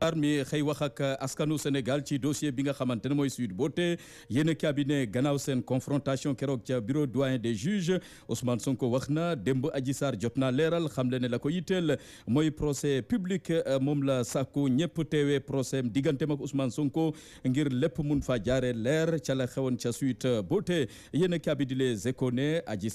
armi xëy wax ak euh, askanu Sénégal ci dossier bi nga xamante ne mooy Sweet Beauté yéen cabinet gannaaw seen confrontation keroog ca bureau doyen des juges Ousmane Sonko wax na démb Adji Sarr jot naa leeral xam le ne la ko yitteel mooy procès public euh, moom la sàkku ñëpp teewee procès digganteem ak Ousmane Sonko ngir lépp mun fa jaare leer ca la xewoon ca Sweet Beauté yéen cabinet les Échos ne Adji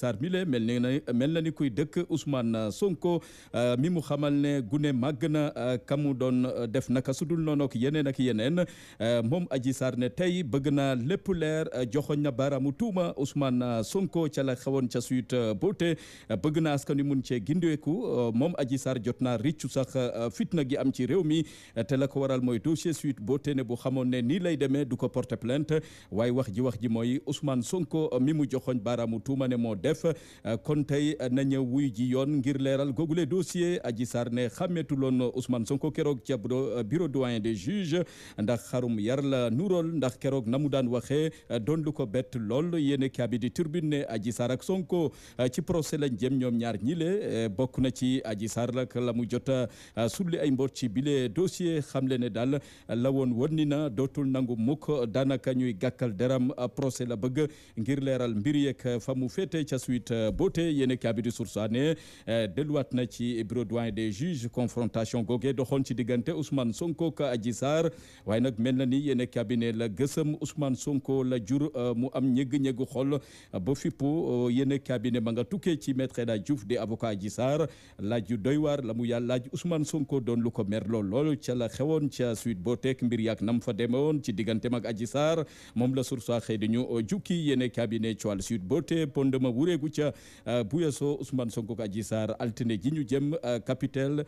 mel ni mel na ni kuy dëkk Ousmane Sonko euh, mi mu xamal ne gune màgg na kamu doon def naka sudul noonu ak yeneen ak yeneen euh, moom aji Sarr ne tey bëgg naa lépp leer euh, joxoñ na baaraamu tuuma Ousmane euh, Sonko ca la xewoon ca suite boote bëgg naa askan wi mun cee gindeeku moom Adji Sarr jot naa riccu sax fitna gi am ci réew mi te la ko waral mooy dossier suite boote ne bu xamoon ne nii lay demee du ko porter plainte waaye wax ji wax ji mooy Ousmane Sonko mi mu joxoñ baaraamu tuuma ne moo def kon tey na ñëw wuy ji yoon ngir leeral googule dossier Adji Sarr ne xàmmeetuloon Sonko keroog ca bureau doyen des juges ndax xarum yar la nurool ndax keroog na mu daan waxee doon lu ko bett lool yéen kaabi di turbine aji sarak Sonko ci procès lañ jëm ñoom ñaar ñile bokk na ci Adji Sarr lak la mu jota sulli ay mboot ci bile dossier xam le ne daal la woon wonni na dootul nangu mukk daanaka ñuy gàkkal deram procès la bëgg ngir leeral mbir yeeg fa mu féete ca suite boote yéen kaabi di sursaane delluwaat na ci bureau de des juges confrontation goge doxoon ci diggante Ousmane Sonko ka Adji Sarr waaye nag mel na ni yéen cabinet la gësam Ousmane Sonko la jur euh, mu am ñëgg-ñëggu xol euh, ba fippo euh, yéen cabinet ma nga tukkee ci maître El Hadji Diouf di avocat Adji Sarr laaj yu doy waar la mu yàlla laaj Ousmane Sonko doon lu ko mer lool lool ca la xewoon ca suite boo teek mbir yaak nam fa demewoon ci diggante mag Adji Sarr moom la sursa xëy di ñu jukki yéen cabinet coal suite boo te pondema wureegu ca buyeso Ousmane Sonko ak Adji Sarr altine ji ñu jëm capitaine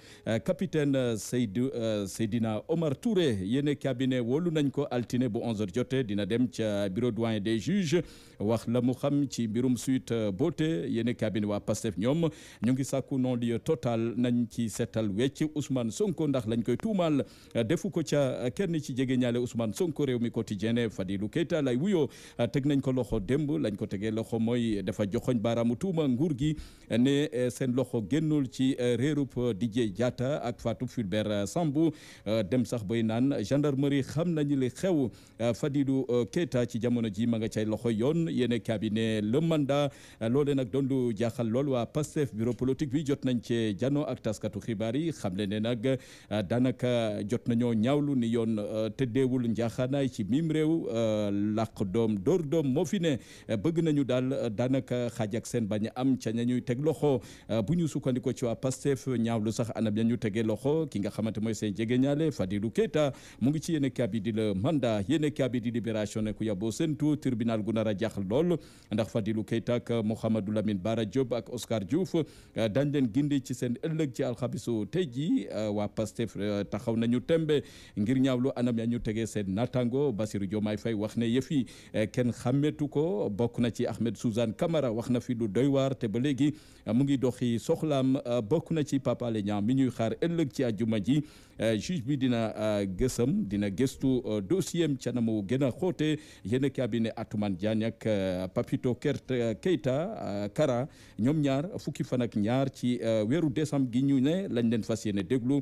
capitaine Seydou Seydou dina Omar Touré yéen cabinet wolu nañ ko altine bu 11h jotee dina dem ca bureau doyen des juges wax la mu xam ci mbirum suite boote yéen cabinet waa Pastef ñoom ñu ngi sàkku non lieu total nañ ci seetal wecc Ousmane Sonko ndax lañ koy tuumaal defu ko ca kenn ci jege ñaale Ousmane Sonko réew mi quotidien Fadilou Keita lay wuyoo teg nañ ko loxo démb lañ ko tegee loxo mooy dafa joxoñ baaraamu tuuma nguur gi ne eh, seen loxo génnul ci eh, réerub Didier Diatta ak Fatou Fulbert Sambou Euh, dem sax bay naan gendarmerie xam nañu li xew euh, Fadilou euh, Keita ci jamono ji ma nga cay loxo yoon yéen cabinet le mandat loole nag doon lu jaaxal lool waa Pastef bureau politique bi jot nañ cee jano ak taskatu xibaar yi xam le ne nag daanaka jot nañoo ñaawlu ni yoon te tëddeewul njaaxaanaay ci mim réew làq doom dóor doom moo fi ne bëgg nañu daal daanaka xaaj ak seen bañ am ca ñañuy teg loxo bu ñu sukkandikoo ci waa Pastef ñaawlu sax anam ya ñu tegee loxo ki nga xamante mooy seen jegeñaal Sénégalais Fadilou Keita mu ngi ci yéene kabi di le mandat yéene kabi di libération ne ku yabo sentu tribunal gu nar a jax lool ndax Fadilou Keita ak Mouhamadou Lamine Bara Diop ak Oscar Diouf euh, dañ leen gindi ci seen ëllëg ci alxamisu tey ji euh, waa Pastef euh, taxaw nañu tembe ngir ñaawlu anam ya ñu tegee seen natango Bassirou Diomaye fay wax ne yëfi kenn xàmmetu ko bokk na ci Ahmed Suzanne kamara wax na fi lu doy waar te ba léegi mu ngi doxi soxlaam bokk na ci Pape Alé Niang mi ci àjjuma bi dina euh, gësam dina gëstu euh, dossier am ca na mu gën a xoote yéen a cabinet Atoumane Diagne ak euh, Papito Keita Kara ñoom ñaar fukki fan ak ñaar ci weeru desam gi ñu ne lañ leen fas yéene déglu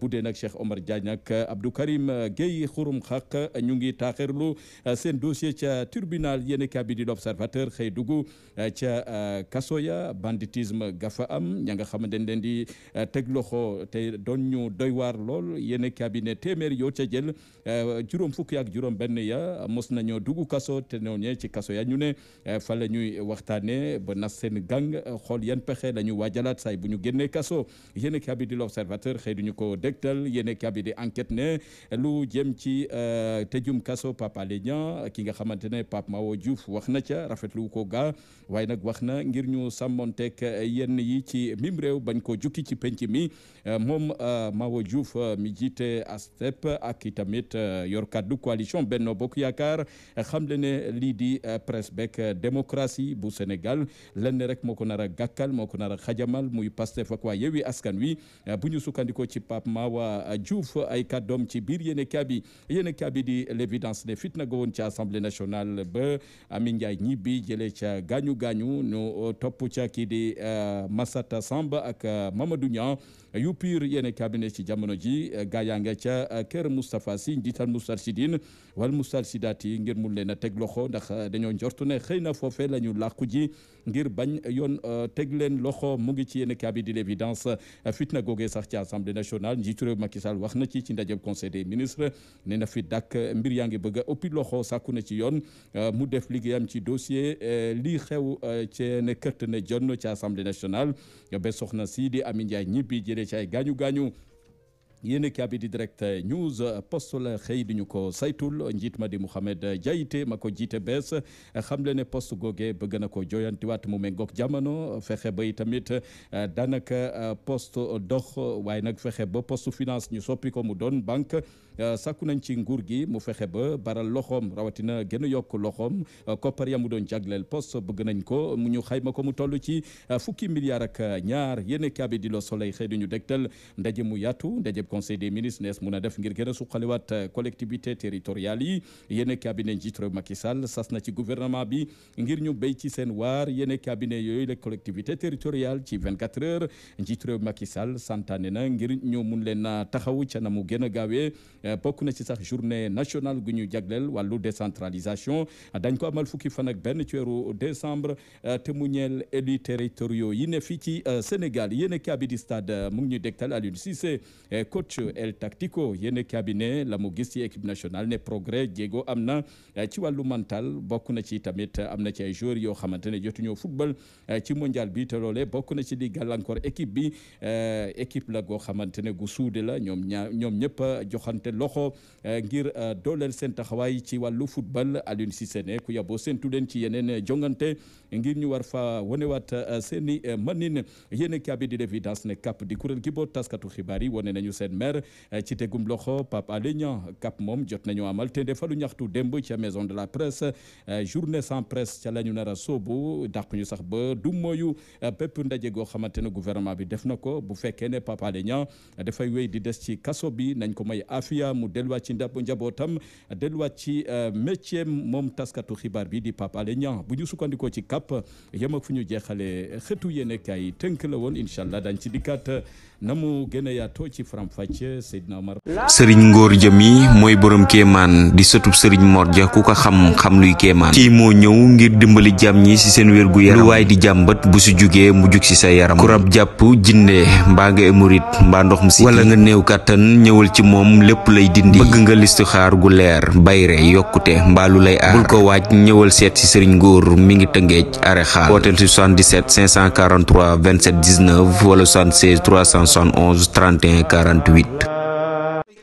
bu dee nag Cheikh Omar Diagne ak Abdou Karim Gueye xurum xaq ñu ngi taaxirlu seen dossier ca tribunal yéen a cabinet l'Observateur xëy dugg ca kaso ya banditisme gafa am ña nga xamante ne leen di teg loxo te doon ñu doy waar lool yenn cabinet téeméer yoo ca jël euh, juróom fukki ak juróom benn ya mos nañoo dugg kaso te ñooñu ci kaso ya ñu ne euh, fa la ñuy waxtaanee ba nas seen gang xool yan pexe la ñu jalaat saay bu ñu génnee kaso yenn cabinet di l'observateur xëy duñu ko dégtal yenn cabinet di enquête ne lu jëm ci euh, te jum kaso Pape Alé Niang ki nga xamante ne Pape Mawo Diouf wax na ca rafetlu ko ga waaye nag wax na ngir ñu sàmmonteeg yenn yi ci mim réew bañ ko jukki ci penc mi moom Mawo Diouf mi ji jiite ASTEP ak itamit eh, yor kaddu coalition Benno Bokk Yaakaar eh, xam le ne lii di eh, presse beeg démocratie bu Sénégal lenn rek moo ko nar a gàkkal moo ko nar a xajamal muy Pastef ak waa Yewwi Askan Wi bu ñu sukkandikoo ci Pape Mawa Diouf ay kàddoom ci biir yéen kaabi yéen kaabi di l'évidence ne fitna go woon ci Assemblée nationale ba Amy Ndiaye ñibbi jëlee ca gaañu gaañu ñu topp ca kii di Massata Samb ak Mamadou Niang Eh, UPIR yéen cabinet ci jamono ji eh, gaa yaa nga ca eh, kër Moustapha Sy njiital Moustarchidine wal Moustarchidaat yi ngir mun leen a teg loxo ndax dañoo njortu ne xëy na foofee la ñu làqu ji ngir bañ yoon teg leen loxo mu ngi ci yéen cabinet di l'évidence fitna googee sax ci assemblée nationale njiitu réew Macky Sall wax na ci ci ndajeb conseil des ministres nee na fi dak mbir yaa ngi bëgg ëppi loxo sàkku na ci yoon mu def liggéeyam ci dossier lii xew ci ne kërt ne jonn ci assemblée nationale jëlee ci ay gaañu gaañu yéen a bi di direct news post la xëy du ñu ko saytul njiit ma di Mouhamed Diaité ma ko jiite bees xam le ne post googe bëgg na ko jooyantiwaat mu méngoog jamono fexe ba tamit daanaka poste dox waaye nag fexe ba poste finance ñu soppi ko mu doon banque sàkku nañ ci nguur gi mu fexe ba baral loxoom rawatina gën a yokk loxoom koppar yam mu doon jagleel poste bëgg nañ ko mu ñu xayma ko mu toll ci fukki milliar ak ñaar yéen a bi di Le Soleil xëy di ñu dégtal ndaje conseil des ministres nees mun a def ngir gën a suqaliwaat euh, collectivité territoriales yi yéen cabinet njiit réew Macky Sall sas na ci gouvernement bi ngir ñu béy ci seen waar yéen cabinet yooyu les collectivité territoriales ci 24 heures njiit réew Macky Sall santaane na ngir ñu mun leen a taxaw ca na mu gën a gaawee euh, bokk na ci sax journée national gu ñu jagleel wàllu décentralisation dañ ko amal fukki fan ak benn ci weeru décembre euh, te mu ñeel élus territoriaux yi ne fii ci Sénégal yéen cabinet stade mu ngi ñuy dégtal si Cissé coach El Tactico yéen cabinet la gis ci équipe nationale ne progrès jéego am na eh, ci wàllu mental bokk na ci tamit eh, am na ci ay joueurs yoo xamante ne jotuñoo football eh, ci mondial bi te loole bokk na ci di gàllankoor équipe bi équipe la goo xamante ne gu suude la ñoom ñaa ñoom ñëpp joxante loxo ngir dooleel seen taxawaay ci wàllu football Aliou si ne ku yaboo séntu leen ci yeneen jongante ngir ñu war fa wanewaat seen i manin yéen cabinet di l'évidence ne cap di kuréel gi boo taskatu xibaar yi nañu seen seen maire eh, ci tegum loxo Pape Alé Niang moom jot nañu amal te defalu ñaxtu demb ca maison de la presse eh, journée sans presse ca la ñu nar a soobu dàq ñu sax ba du mooyu eh, bépp ndaje goo xamante ne gouvernement bi def na ko bu fekkee ne Pape Alé Niang dafay wéy di des ci kaso bi nañ ko may afiya mu delluwaat ci ndab njabootam delluwaat ci métier moom taskatu xibaar bi di Pape bu ñu sukkandikoo ci Cap yem ak fu ñu jeexale xëtu yéene kaay tënk la woon incha allah dañ ci dikkaat na mu gën a ci faram sëriñ ngóor jëm yi mooy boroom kemaan di sëtub sëriñ Mor Ja ku ko xam xam luy kéemaan kii moo ñëw ngir dimbali jàmm ñi ci seen wér gu yaram lu waay di jàmbat bu si jugee mu jug ci sa yaram ku rab jàpp jinne mbaa nga émurit mbaa ndox mu si wala nga néew kàttan ñëwal ci moom lépp lay dindi bëgg nga listu xaar gu leer bayre yokkute mbaa lu lay aar bul ko waaj ñëwal seet ci sëriñ ngóor mi ngi tëngeej are xaal wooteel ci 77 543 27 19 wala 76 371 31 48 28.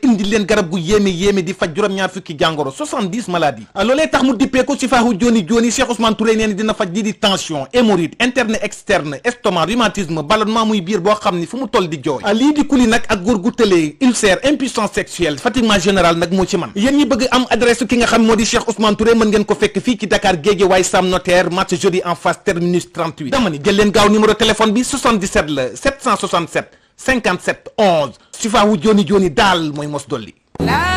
indi leen garab gu yéeme yéeme di faj juróom-ñaar fukki jàngoro 70 maladies loolee tax mu dippee si faaxu joni joni Cheikh Ousmane Touré nee dina faj lii di tension hémorroïde interne externe estomac rhumatisme ballonnement muy biir boo xam ni fu mu toll di jooy lii di kuli nag ak góor gu tëlee ulcère impuissance sexuelle fatiguement général nag moo ci man yéen ñi bëgg am adresse ki nga xam moo di Cheikh Ousmane Touré mën ngeen ko fekk fii 57 11 Sifa wu joni joni daal mooy mos dolli.